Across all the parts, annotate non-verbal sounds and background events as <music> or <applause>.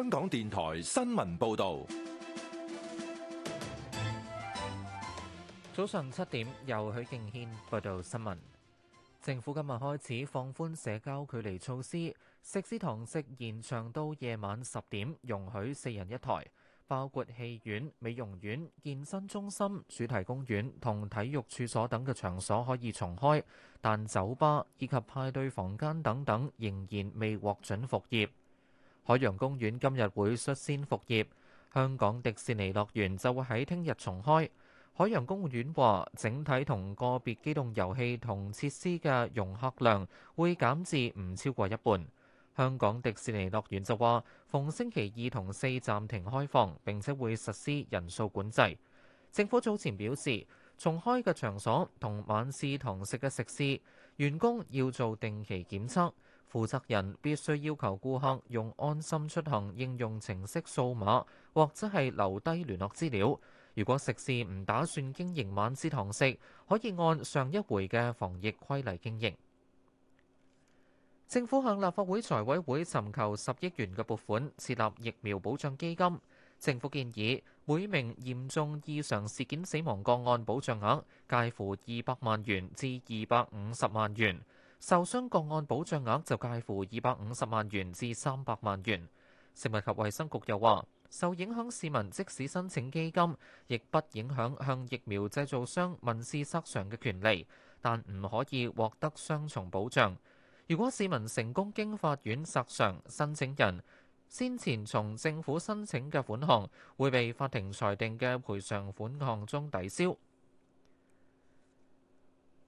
香港電台新聞報道，早上七點由許敬軒報道新聞。政府今日開始放寬社交距離措施，食肆堂食延長到夜晚十點，容許四人一台。包括戲院、美容院、健身中心、主題公園同體育處所等嘅場所可以重開，但酒吧以及派對房間等等仍然未獲准復業。海洋公園今日會率先復業，香港迪士尼樂園就會喺聽日重開。海洋公園話，整體同個別機動遊戲同設施嘅容客量會減至唔超過一半。香港迪士尼樂園就話，逢星期二同四暫停開放，並且會實施人數管制。政府早前表示，重開嘅場所同晚市堂食嘅食肆，員工要做定期檢測。負責人必須要求顧客用安心出行應用程式掃碼，或者係留低聯絡資料。如果食肆唔打算經營晚市堂食，可以按上一回嘅防疫規例經營。 <noise> 政府向立法會財委會尋求十億元嘅撥款設立疫苗保障基金。政府建議每名嚴重異常事件死亡個案保障額介乎二百萬元至二百五十萬元。受傷個案保障額就介乎二百五十萬元至三百萬元。食物及衛生局又話，受影響市民即使申請基金，亦不影響向疫苗製造商民事索償嘅權利，但唔可以獲得雙重保障。如果市民成功經法院索償，申請人先前從政府申請嘅款項，會被法庭裁定嘅賠償款項中抵消。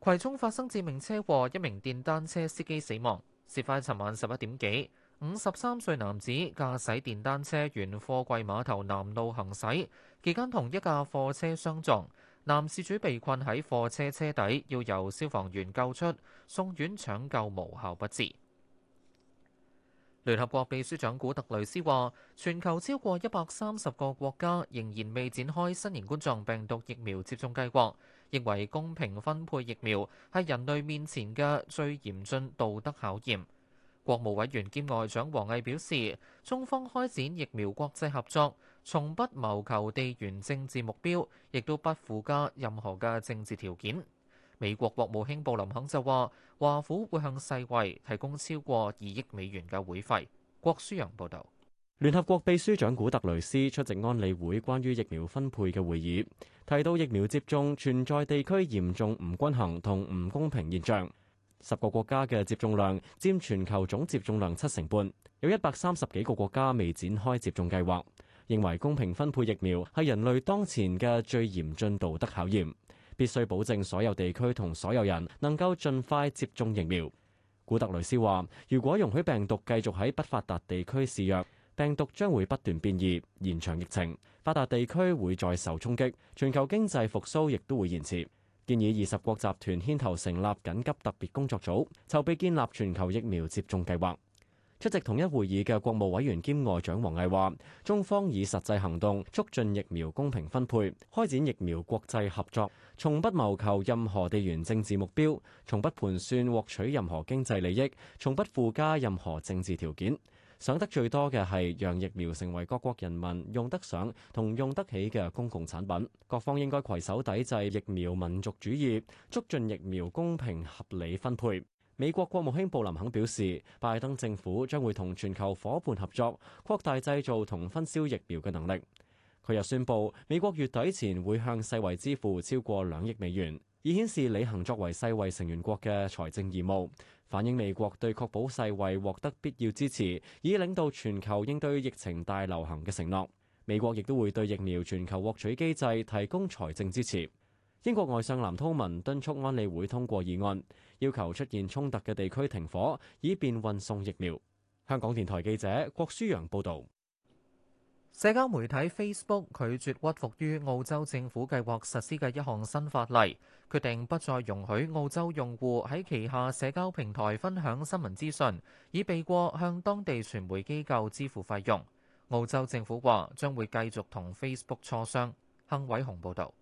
葵涌發生致命車禍，一名電單車司機死亡。事發尋晚十一點幾，五十三歲男子駕駛電單車沿貨櫃碼頭南路行駛，期間同一架貨車相撞，男事主被困喺貨車車底，要由消防員救出，送院搶救無效不治。聯合國秘書長古特雷斯話：全球超過一百三十個國家仍然未展開新型冠狀病毒疫苗接種計劃。認為公平分配疫苗係人類面前嘅最嚴峻道德考驗。國務委員兼外長王毅表示，中方開展疫苗國際合作，從不謀求地緣政治目標，亦都不附加任何嘅政治條件。美國國務卿布林肯就話，華府會向世衛提供超過二億美元嘅會費。郭舒陽報道。聯合國秘書長古特雷斯出席安理會關於疫苗分配嘅會議，提到疫苗接種存在地區嚴重唔均衡同唔公平現象。十個國家嘅接種量佔全球總接種量七成半，有一百三十幾個國家未展開接種計劃。認為公平分配疫苗係人類當前嘅最嚴峻道德考驗，必須保證所有地區同所有人能夠盡快接種疫苗。古特雷斯話：如果容許病毒繼續喺不發達地區肆虐，病毒將會不斷變異，延長疫情，發達地區會再受衝擊，全球經濟復甦亦都會延遲。建議二十國集團牽頭成立緊急特別工作組，籌備建立全球疫苗接種計劃。出席同一會議嘅國務委員兼外長王毅話，中方以實際行動促進疫苗公平分配，開展疫苗國際合作，從不謀求任何地緣政治目標，從不盤算獲取任何經濟利益，從不附加任何政治條件。想得最多嘅係讓疫苗成為各國人民用得上同用得起嘅公共產品，各方應該攜手抵制疫苗民族主義，促進疫苗公平合理分配。美國國務卿布林肯表示，拜登政府將會同全球伙伴合作，擴大製造同分銷疫苗嘅能力。佢又宣布，美國月底前會向世衛支付超過兩億美元，以顯示履行作為世衛成員國嘅財政義務。反映美國對確保世衛獲得必要支持，以領導全球應對疫情大流行嘅承諾。美國亦都會對疫苗全球獲取機制提供財政支持。英國外相藍韜文敦促安理會通過議案，要求出現衝突嘅地區停火，以便運送疫苗。香港電台記者郭舒揚報導。社交媒體 Facebook 拒絕屈服於澳洲政府計劃實施嘅一項新法例，決定不再容許澳洲用戶喺旗下社交平台分享新聞資訊，以避過向當地傳媒機構支付費用。澳洲政府話將會繼續同 Facebook 磋商。亨偉雄報導。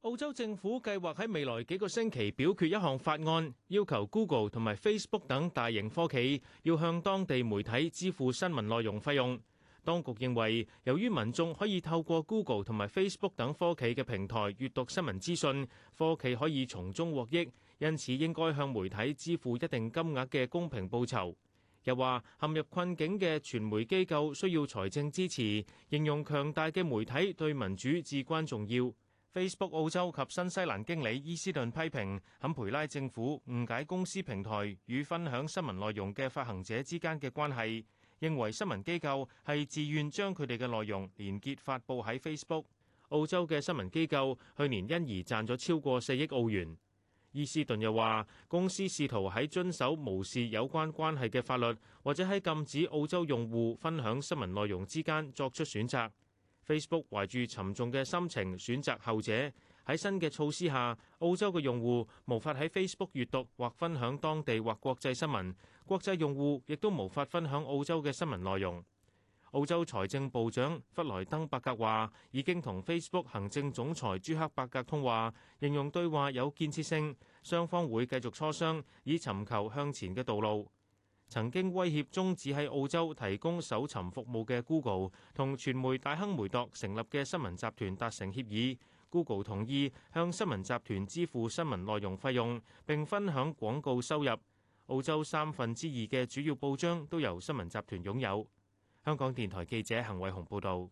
澳洲政府計劃喺未來幾個星期表決一項法案，要求 Google 同埋 Facebook 等大型科企要向當地媒體支付新聞內容費用。當局認為，由於民眾可以透過 Google 同埋 Facebook 等科企嘅平台閱讀新聞資訊，科企可以從中獲益，因此應該向媒體支付一定金額嘅公平報酬。又話陷入困境嘅傳媒機構需要財政支持，形容強大嘅媒體對民主至關重要。Facebook 澳洲及新西蘭經理伊斯頓批評坎培拉政府誤解公司平台與分享新聞內容嘅發行者之間嘅關係。認為新聞機構係自願將佢哋嘅內容連結發布喺 Facebook。澳洲嘅新聞機構去年因而賺咗超過四億澳元。伊斯頓又話：公司試圖喺遵守無視有關關係嘅法律，或者喺禁止澳洲用戶分享新聞內容之間作出選擇。Facebook 懷住沉重嘅心情選擇後者。喺新嘅措施下，澳洲嘅用戶無法喺 Facebook 閱讀或分享當地或國際新聞，國際用戶亦都無法分享澳洲嘅新聞內容。澳洲財政部長弗萊登伯格話已經同 Facebook 行政總裁朱克伯格通話，形容對話有建設性，雙方會繼續磋商，以尋求向前嘅道路。曾經威脅終止喺澳洲提供搜尋服務嘅 Google 同傳媒大亨梅鐸成立嘅新聞集團達成協議。Google 同意向新聞集團支付新聞內容費用，並分享廣告收入。澳洲三分之二嘅主要報章都由新聞集團擁有。香港電台記者恒偉雄報導。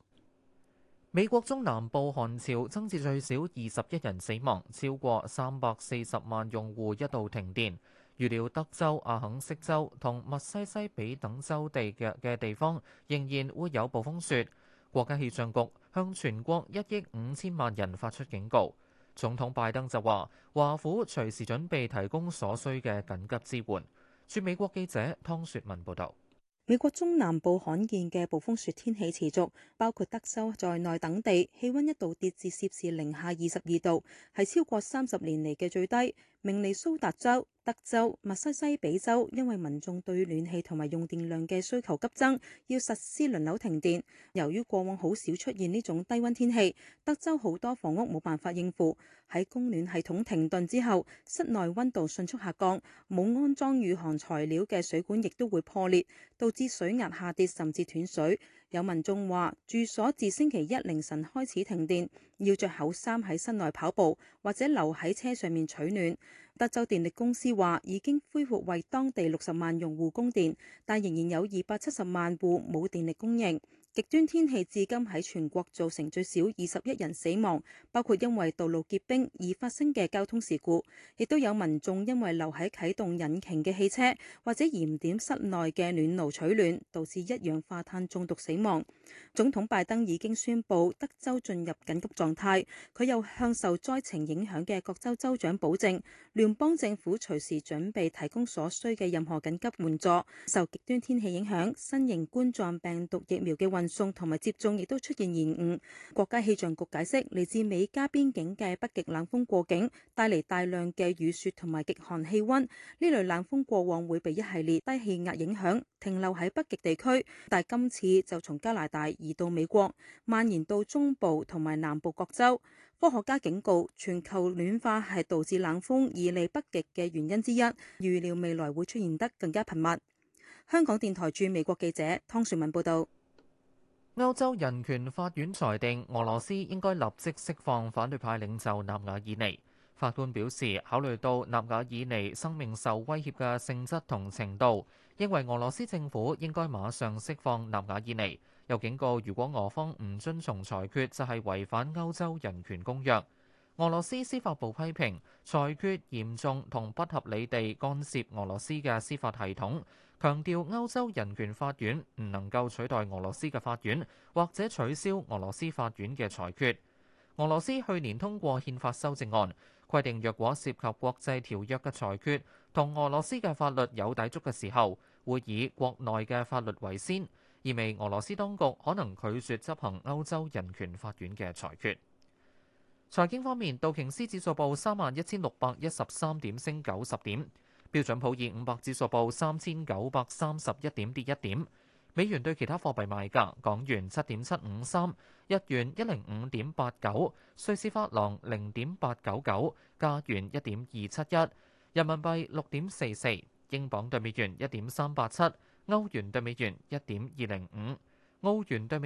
美國中南部寒潮增至最少二十一人死亡，超過三百四十萬用戶一度停電。預料德州、阿肯色州同密西西比等州地嘅嘅地方仍然會有暴風雪。國家氣象局，向全國一億五千萬人發出警告。總統拜登就話：華府隨時準備提供所需嘅緊急支援。駐美國記者湯雪文報導。美國中南部罕見嘅暴風雪天氣持續，包括德州在內等地氣温一度跌至攝氏零下二十二度，係超過三十年嚟嘅最低。明尼蘇達州、德州、密西西比州因為民眾對暖氣同埋用電量嘅需求急增，要實施輪流停電。由於過往好少出現呢種低温天氣，德州好多房屋冇辦法應付。喺供暖系統停頓之後，室內温度迅速下降，冇安裝御寒材料嘅水管亦都會破裂，導致水壓下跌，甚至斷水。有民眾話，住所自星期一凌晨開始停電，要着厚衫喺室內跑步，或者留喺車上面取暖。德州電力公司話已經恢復為當地六十萬用戶供電，但仍然有二百七十萬戶冇電力供應。極端天氣至今喺全國造成最少二十一人死亡，包括因為道路結冰而發生嘅交通事故，亦都有民眾因為留喺啟動引擎嘅汽車或者燃點室內嘅暖爐取暖，導致一氧化碳中毒死亡。總統拜登已經宣布德州進入緊急狀態，佢又向受災情影響嘅各州州長保證，聯邦政府隨時準備提供所需嘅任何緊急援助。受極端天氣影響，新型冠狀病毒疫苗嘅運送同埋接種亦都出現延誤，國家氣象局解釋嚟自美加邊境嘅北極冷風過境，帶嚟大量嘅雨雪同埋極寒氣溫。呢類冷風過往會被一系列低氣壓影響，停留喺北極地區，但今次就從加拿大移到美國，蔓延到中部同埋南部各州。科學家警告，全球暖化係導致冷風移離北極嘅原因之一，預料未來會出現得更加頻密。香港電台駐美國記者湯雪文報道。歐洲人權法院裁定，俄羅斯應該立即釋放反對派領袖納瓦爾尼。法官表示，考慮到納瓦爾尼生命受威脅嘅性質同程度，認為俄羅斯政府應該馬上釋放納瓦爾尼。又警告，如果俄方唔遵從裁決，就係違反歐洲人權公約。俄羅斯司法部批評裁決嚴重同不合理地干涉俄羅斯嘅司法系統。強調歐洲人權法院唔能夠取代俄羅斯嘅法院，或者取消俄羅斯法院嘅裁決。俄羅斯去年通過憲法修正案，規定若果涉及國際條約嘅裁決，同俄羅斯嘅法律有抵觸嘅時候，會以國內嘅法律為先，意味俄羅斯當局可能拒絕執行歐洲人權法院嘅裁決。財經方面，道瓊斯指數報三萬一千六百一十三點，升九十點。標準普爾五百指數報三千九百三十一點，跌一點。美元對其他貨幣賣價：港元七點七五三，日元一零五點八九，瑞士法郎零點八九九，加元一點二七一，人民幣六點四四，英鎊對美元一點三八七，歐元對美元一點二零五，歐元對。